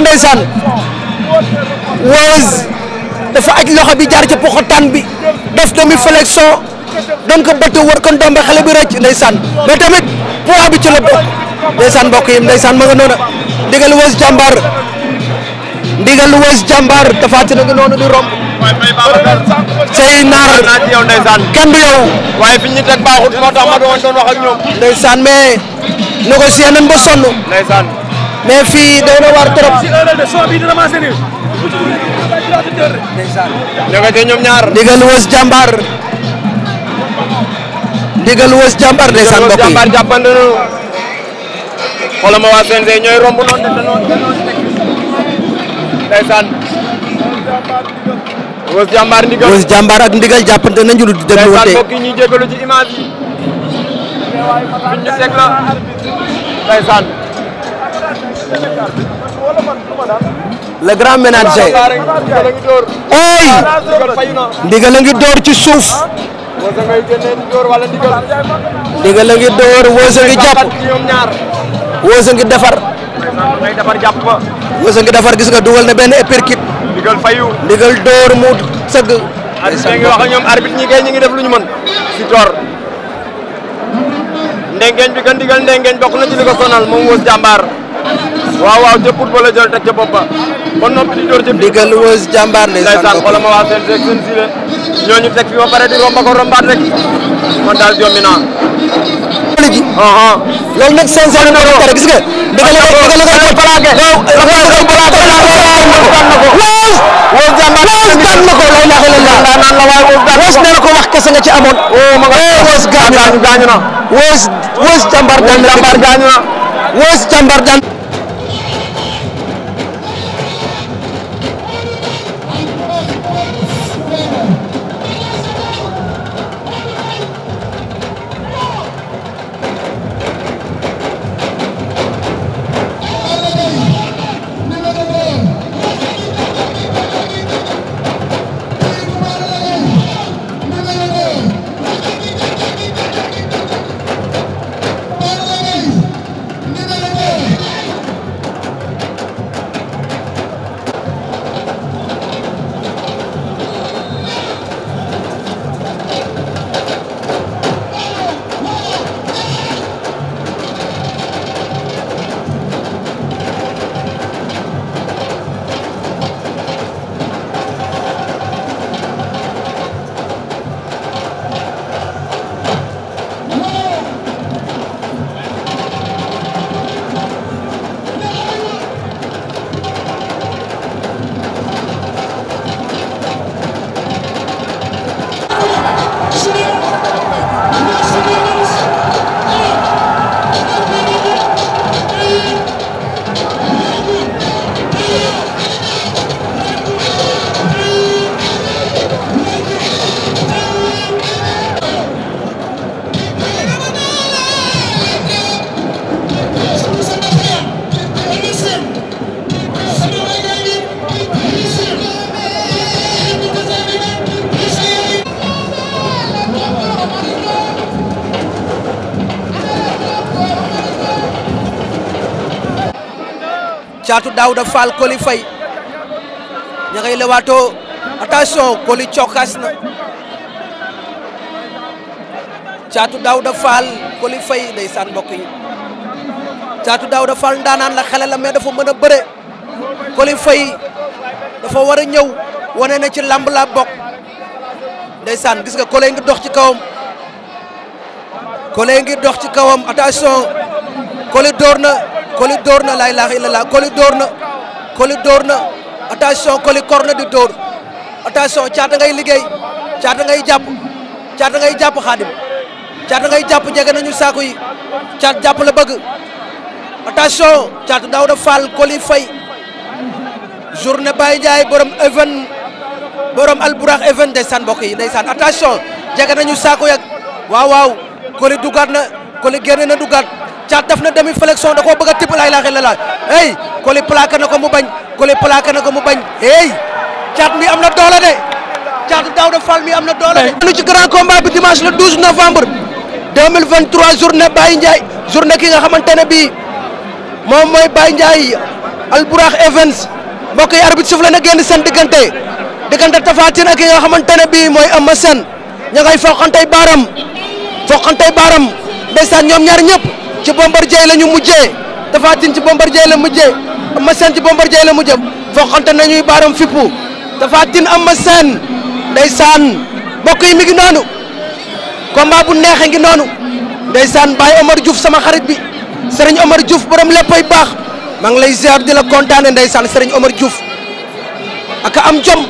ndeysaan Weuz dafa aj loxo bi jaar ci poxotaan bi def demi flexion doon ko bëtt wër ko ndombe xale bi rëcc ndeysaan mais tamit poids bi ci la bokk ndeysaan mbokk sey naar kenn du yow waaye fi ñu teg baaxut moo tax ma doon doon wax ak ñoom ndeysaan mais négocier nañ ba sonn ndeysaan mais fii doy na waar trop. ñoo ngi ñoom ñaar. ndigal wës jàmbaar. ndigal wës jàmbaar ndeysaan mbokk yi. ndigal wës jàmbaar jàppante na. xoolal ma waa CNG ñooy romb noonu dañu doon ndeysaan. wës jàmbaar ndigal wës jàmbaar ak ndigal jàppante nañu lu déglu wante. ndeysaan mbokk yi ñuy jégalu ci image yi. ñu teg la ndeysaan. le grand ménager ooy ndigal a ngi door ci suuf ndigal a ngi door woosa ngi jàpp woosa ngi defar woosa ngi defar gis nga dugal ne benn uppercut ndigal fayu ndigal door mu sëgg arbitre ngi wax ak ñoom arbitre ngi def lu ñu mën si door ndengeñ bi kan ndigal ndengeñ bokk na ci sonal moom woos jàmbaar waaw waaw ca put ba la jël teg ca bopp ba ba noppi di door ca digal wës jàmbaar ndeysaan xoolal ma waa seen seeg seen sile ñooñu teg fi ba pare di romba ko rombaat rek man daal jommi naa léegi loolu nag sincère na ko gis nga digal la ko digal la ko plaqué waaw ko plaqué wës jàmbaar wës daan na ko la ilaha illallah naan la waaye wës daan wës nee na ko wax kese nga ci amoon oh ma nga eh, wës gaañu na wës wës jàmbaar daan na jàmbaar gaañu na wës jàmbaar daan caatu Daouda Fall Coly Faye ña ngay lewaatoo attention Coly cokkaas na caatu Daouda Fall Coly Faye ndeysaan mbokk yi caatu Daouda Fall ndaanaan la xale la mais dafa mën a bëre fay Faye dafa war a ñëw wane na ci lamb la bokk ndeysaan gis nga Coly ngi dox ci kawam Coly ngi dox ci kawam attention Coly door na Coly dóor na laa ilaaha la Coly dóor na Coly dóor na attention Coly kor na di dóor attention caata ngay liggéey caata ngay jàpp caata ngay jàpp xaadim caata ngay jàpp jege nañu saako yi caat jàpp la bëgg attention caatu Daouda Fall Coly Faye journée Baye Ndiaye borom even borom alburax de ndeysaan mbokk yi ndeysaan attention jege nañu saako yak waaw waaw Coly dugaat na Coly génne na dugaat caat def na demi flexion da koo bëgg a tibb lay laaxee hey Coly plaqué na ko mu bañ Coly plaqué na ko mu bañ hey caat mi am na doole de caat Daouda Fall mi am na doole de. ñu ci grand combat bi dimanche le 12 novembre 2023 journée Baye Ndiaye journée ki nga xamante ne bii moom mooy Baye Ndiaye Albourakh Events mbokk yi arbitre na génn seen diggante diggante Tapha Tine ak ki nga xamante ne bi mooy am sen Eumeu Sène ña ngay foqantey baaram foqantey baaram ndeysaan ñoom ñaar ñëpp. ci Bombardier la ñu mujjee Tapha Tine ci Bombardier la mujjee ma Sène ci Bombardier la mujjee foqante nañuy baaram fippu Tapha Tine Eumeu Sène ndeysaan mbokk yi mi ngi noonu combat bu neexe ngi noonu ndeysaan Baye Omar Diouf sama xarit bi Serigne Omar Diouf borom léppay baax maa ngi lay ziar di la kontaane ndeysaan Serigne Omar Diouf ak am jom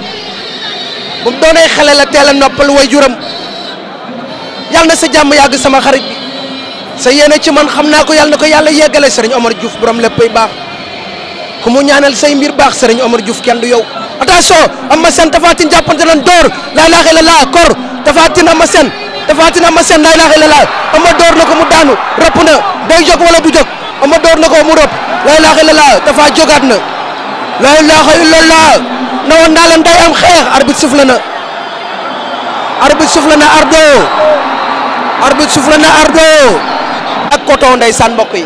bu doonee xale la teel a noppal way juram yàlla na sa jàmm yàgg sama xarit sa yéene ci man xam naa ko yàlla na ko yàlla yeggale sëriñ Omar Diouf borom léppay baax ku mu ñaanal say mbir baax sëriñ Omar Diouf kenn du yow attention Ama Sène Tapha Tine jàppante lan door laa ilaaha illallaah kor Tapha Tine Ama Sène Tapha Tine Ama Sène laa ilaaha illallaah Ama door na ko mu daanu rëpp na day jóg wala du jóg Ama door na ko mu rëpp laa ilaaha illallaah Tapha jógaat na laa ilaaha illallaah na woon naa day am xeex arbitre souffle na arbitre na ardo ak coton ndeysaan mbokk yi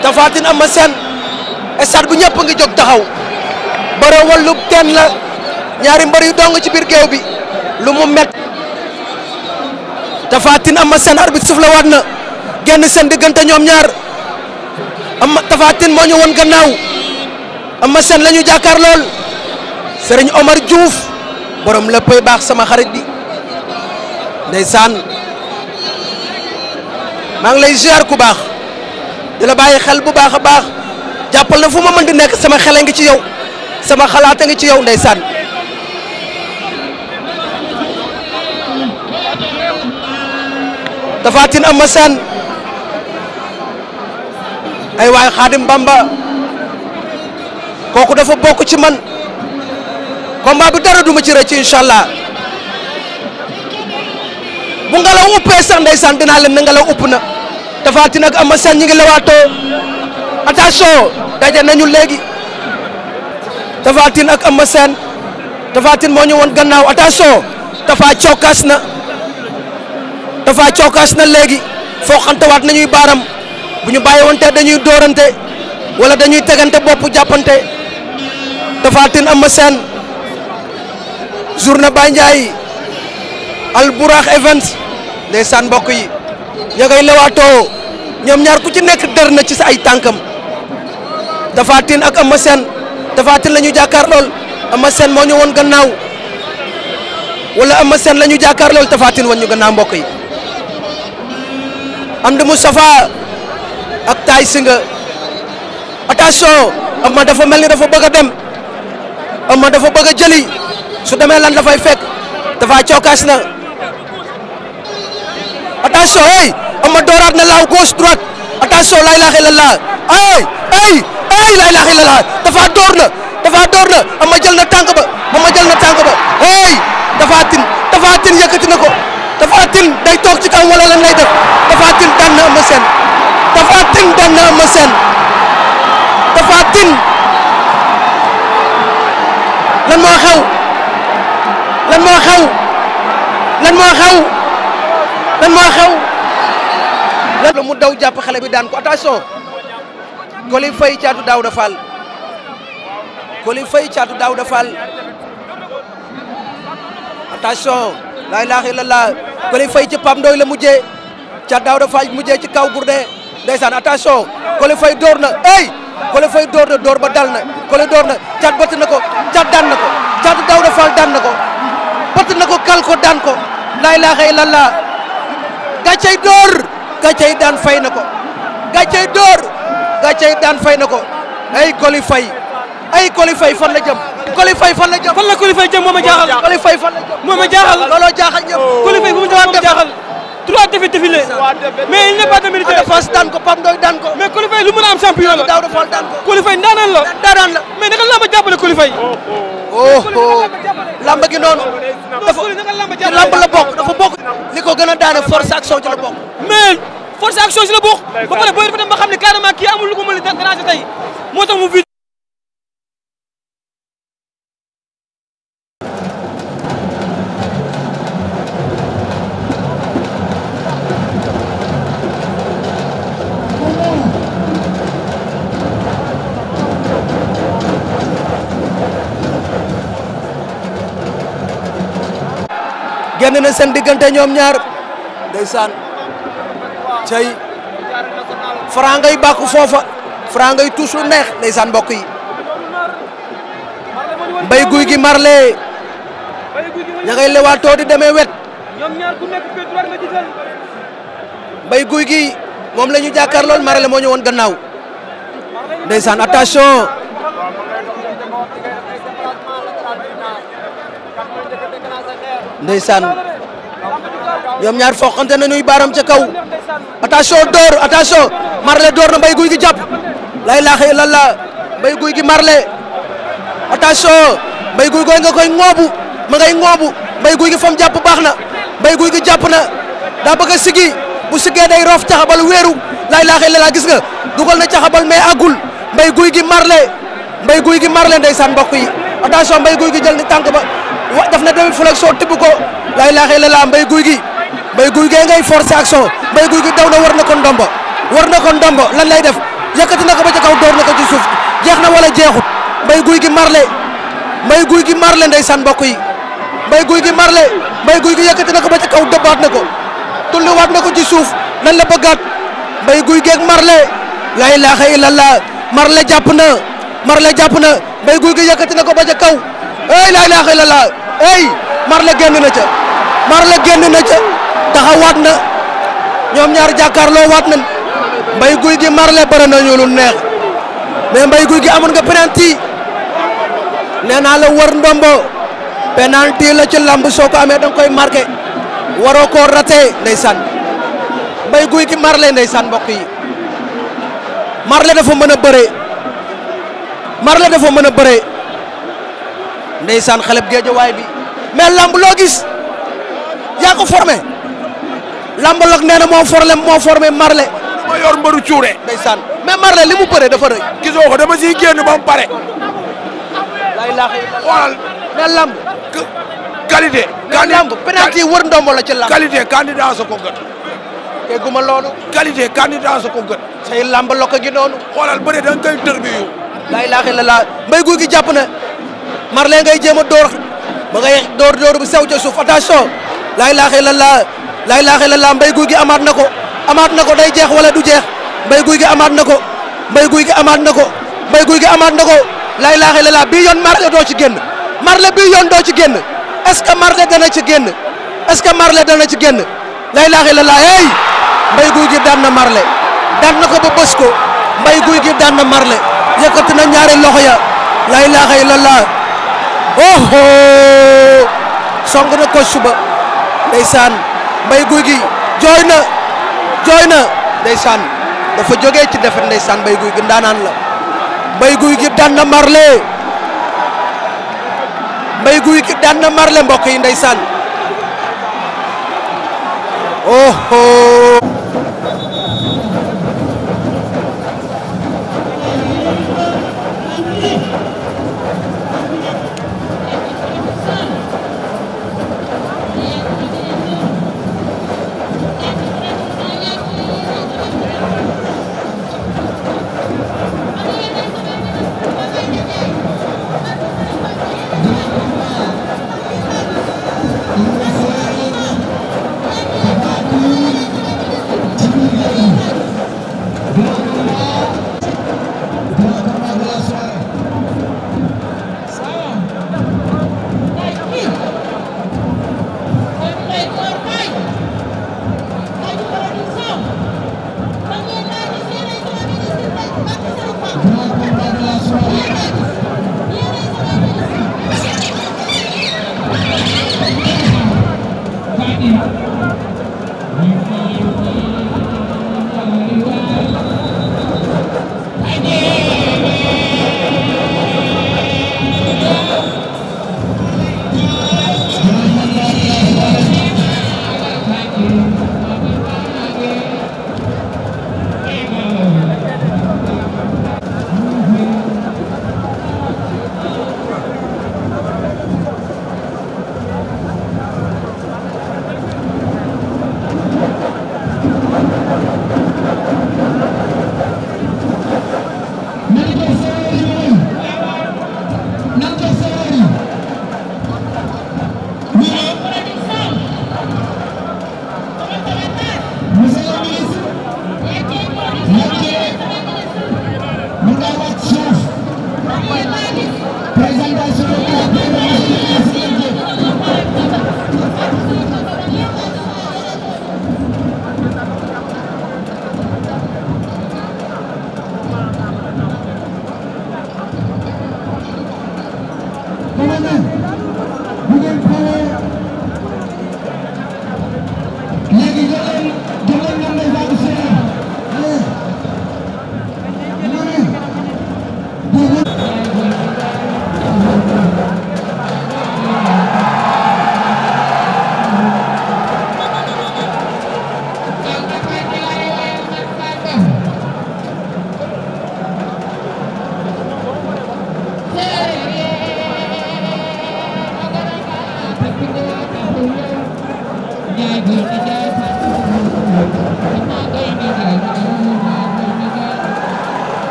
Tapha Tine Eumeu Sène stade bu ñëpp ngi jog taxaw bëre wallub teen la ñaari mbër yu dong ci biir géew bi lu mu met Tapha Tine Eumeu Sène arbitre suuf la waat na génn seen diggante ñoom ñaar am Tapha moo ñu won gannaaw Eumeu Sène la ñu jàkkaar lool Serigne Omar Diouf borom léppay baax sama xarit bi ndeysaan maa ngi lay ziar ku baax di la bàyyi xel bu baax a baax jàppal na fu ma mën di nekk sama xel ngi ci yow sama xalaat a ngi ci yow ndeysaan Tapha Tine Eumeu Sène ay waay Xaadim Bamba kooku dafa bokk ci man combat bi dara duma ci rëcc incha bu ngelaw uppee sax ndeysaan dinaa leen ne ngelaw upp na Tapha Tine ak Eumeu Sène ñi ngi lewaatoo attention daje nañu léegi Tapha Tine ak Eumeu Sène Tapha moo ñu woon gannaaw attention Tapha cokaas na Tapha cokaas na léegi foo xantawaat nañuy baaram bu ñu bàyyi wante dañuy doorante wala dañuy tegante bopp jàppante Tapha Tine Eumeu Sène journée Baye Ndiaye al burax events ndeysaan mbokk yi ña ngay lewaatoo ñoom ñaar ku ci nekk dër na ci sa ay tànkam Tapha Tine ak Eumeu Sène Tapha Tine la ñu jàkkaar lool Eumeu moo ñu woon gannaaw wala Eumeu Sène la ñu jàkkaar lool Tapha Tine woon ñu gannaaw mbokk yi Amdi Moustapha ak Tay Singa attention Eumeu dafa mel ni dafa bëgg a dem ama dafa bëgg a jëli su demee lan dafay fekk dafa cookaas na attention hey ama dooraat na laaw gauche droite attention laa ilaaha illallah hey hey hey laa ilaaha door na ama jël na tànk ba ama jël na tànk ba hey dafa tin yëkkati na ko dafa tin day toog ci kaw wala lan lay def dafa tin daan na ama seen dafa tin daan na ama seen dafa tin lan moo xew lan moo xew lan moo xew. la mu daw jàpp xale bi daan ko attention. Coly Faye caatu Daouda Fall. Coly Faye caatu Daouda Fall. attention. laa ilaaha illallaah Coly Faye ci Pape Ndoye la mujjee. caatu Daouda Fall mujjee ci kaw Gourdin. ndeysaan attention. Coly Faye door na hey. Coly Faye door na door ba dal na Coly door na caat bëtt ko caat daan na ko caatu Daouda Fall daan na ko bëtt ko kal ko daan ko laa ilaaha illallaah gàccey dóor gàccey daan fay na ko gàccey dóor gàccey daan fay na ko ay Coly Faye ay Coly Faye fan la jëm. Coly Faye fan la jëm fan la Coly Faye jëm moo ma jaaxal Coly Faye fan la jëm moo ma jaaxal looloo jaaxal ñëpp oh. fu mu ma jaaxal trois défaites défilées mais il n'est pas de mérite daan ko Pape Ndoye daan ko mais Coly lu mën a am champion la Daouda Fall ko Coly Faye la ndaanaan la mais naka laa ma jàppale Coly Faye oh, oh. oh oh lamb gi noonu. dafa ci lamb la bokk dafa bokk. li ko gën a daane force action ci la bokk. mais force action la bokk. ba pare booy dafa dem ba xam ne kii amul lu mën a déranger tey moo tax mu génn na seen diggante ñoom ñaar ndeysaan cay Franc ngay bàkku foofa Franc ngay tuus lu neex ndeysaan mbokk yi mbay guy gi Marley ña ngay lewaatoo di demee wet mbay guy gi moom la ñu jàkkaar lool Marley moo ñu woon gannaaw ndeysaan attention ndeysaan ñoom ñaar foqante nañuy baaram ca kaw attention door attention Marley door na mbay Gouy Gui jàpp lay laaxee lan la Mbaye Gouy Gui Marley attention Mbaye Gouy Gui nga koy ŋoobu ma ngay ŋoobu Mbaye Gouy Gui fam jàpp baax na Mbaye Gouy Gui jàpp na daa bëgg a sigi bu sigee day roof caxabal weeru lay laaxee la gis nga dugal na caxabal mais agul Mbaye Gouy Gui Marley Mbaye Gouy Gui Marley ndeysaan mbokk yi attention Mbaye Gouy Gui jël ni tànk ba. wa daf na demi soo tibb ko lay laaxee la laa mbay guy gi mbay guy gee ngay forcé action mbay guy gi daw na war na ko ndombo war na ko ndombo lan lay def yëkkati na ko ba ca kaw door na ko ci suuf jeex na wala jeexut mbay guy gi marle mbay guy gi marle mbokk yi mbay guy gi marle mbay guy gi yëkkati na ko ba ca kaw dëbbaat na ko tulliwaat na ko ci suuf lan la bëggaat mbay guy geeg marle la ilaha illallah marle jàpp na marle jàpp na mbay guy gi yëkkati na ko ba ca kaw ay la ilaha illallah ey Marley génn na ca Marley génn na ca taxawaat na ñoom ñaar jàkkaarloo waat nañ Mbaye Gouye Gui Marley bëri na lu neex mais Mbaye Gouye Gui amoon nga penalty nee naa la war ndombo penalty la ci làmb soo ko amee da nga koy marqué waroo koo raté ndeysaan Mbaye Gouye Gui Marley san mbokk yi Marley dafa mën a bëree Marley dafa mën a bare ndeysaan xale bu géejawaay bi mais lamb loo gis yaa ko formé lamb lak nee na moo formé moo formé Marley. ma yor mbaru cuure. ndeysaan mais Marley li mu bëree dafa rëy. gisoo ko dama siy génn ba mu pare. lay laaxee xoolal mais lamb. qualité. mais sa ko gën. dégguma loolu. qualité candidat sa ko gën. say lamb lokk gi noonu. xoolal bëre da nga koy dër lay laaxee la laa mbéy guy gi jàpp na. Marley ngay jéem a door ba ngay door door bu sew ca suuf attention laay laaxee la laa laay laaxee la laa mbay guy gi amaat na ko amaat na ko day jeex wala du jeex mbay guy gi amaat na ko mbay guy gi amaat na ko mbay guy gi amaat na ko laay laaxee la laa bii yoon Marley doo ci génn Marley bii yoon doo ci génn est-ce que Marley dana ci génn est-ce que Marley dana ci génn laay laaxee la laa hey mbay guy gi daan na Marley na ko ba bës ko mbay guy gi daan na Marley yëkkati na ñaari loxo ya laay laaxee la oho song na ko suba ndeysaan mbay guy gi jooy na jooy na ndeysaan dafa jógee ci defet ndeysaan mbay guy gi ndaanaan la mbay guy gi daan na marle mbay guy gi daan na marle mbokk yi ndeysaan oho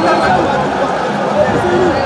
Thank you.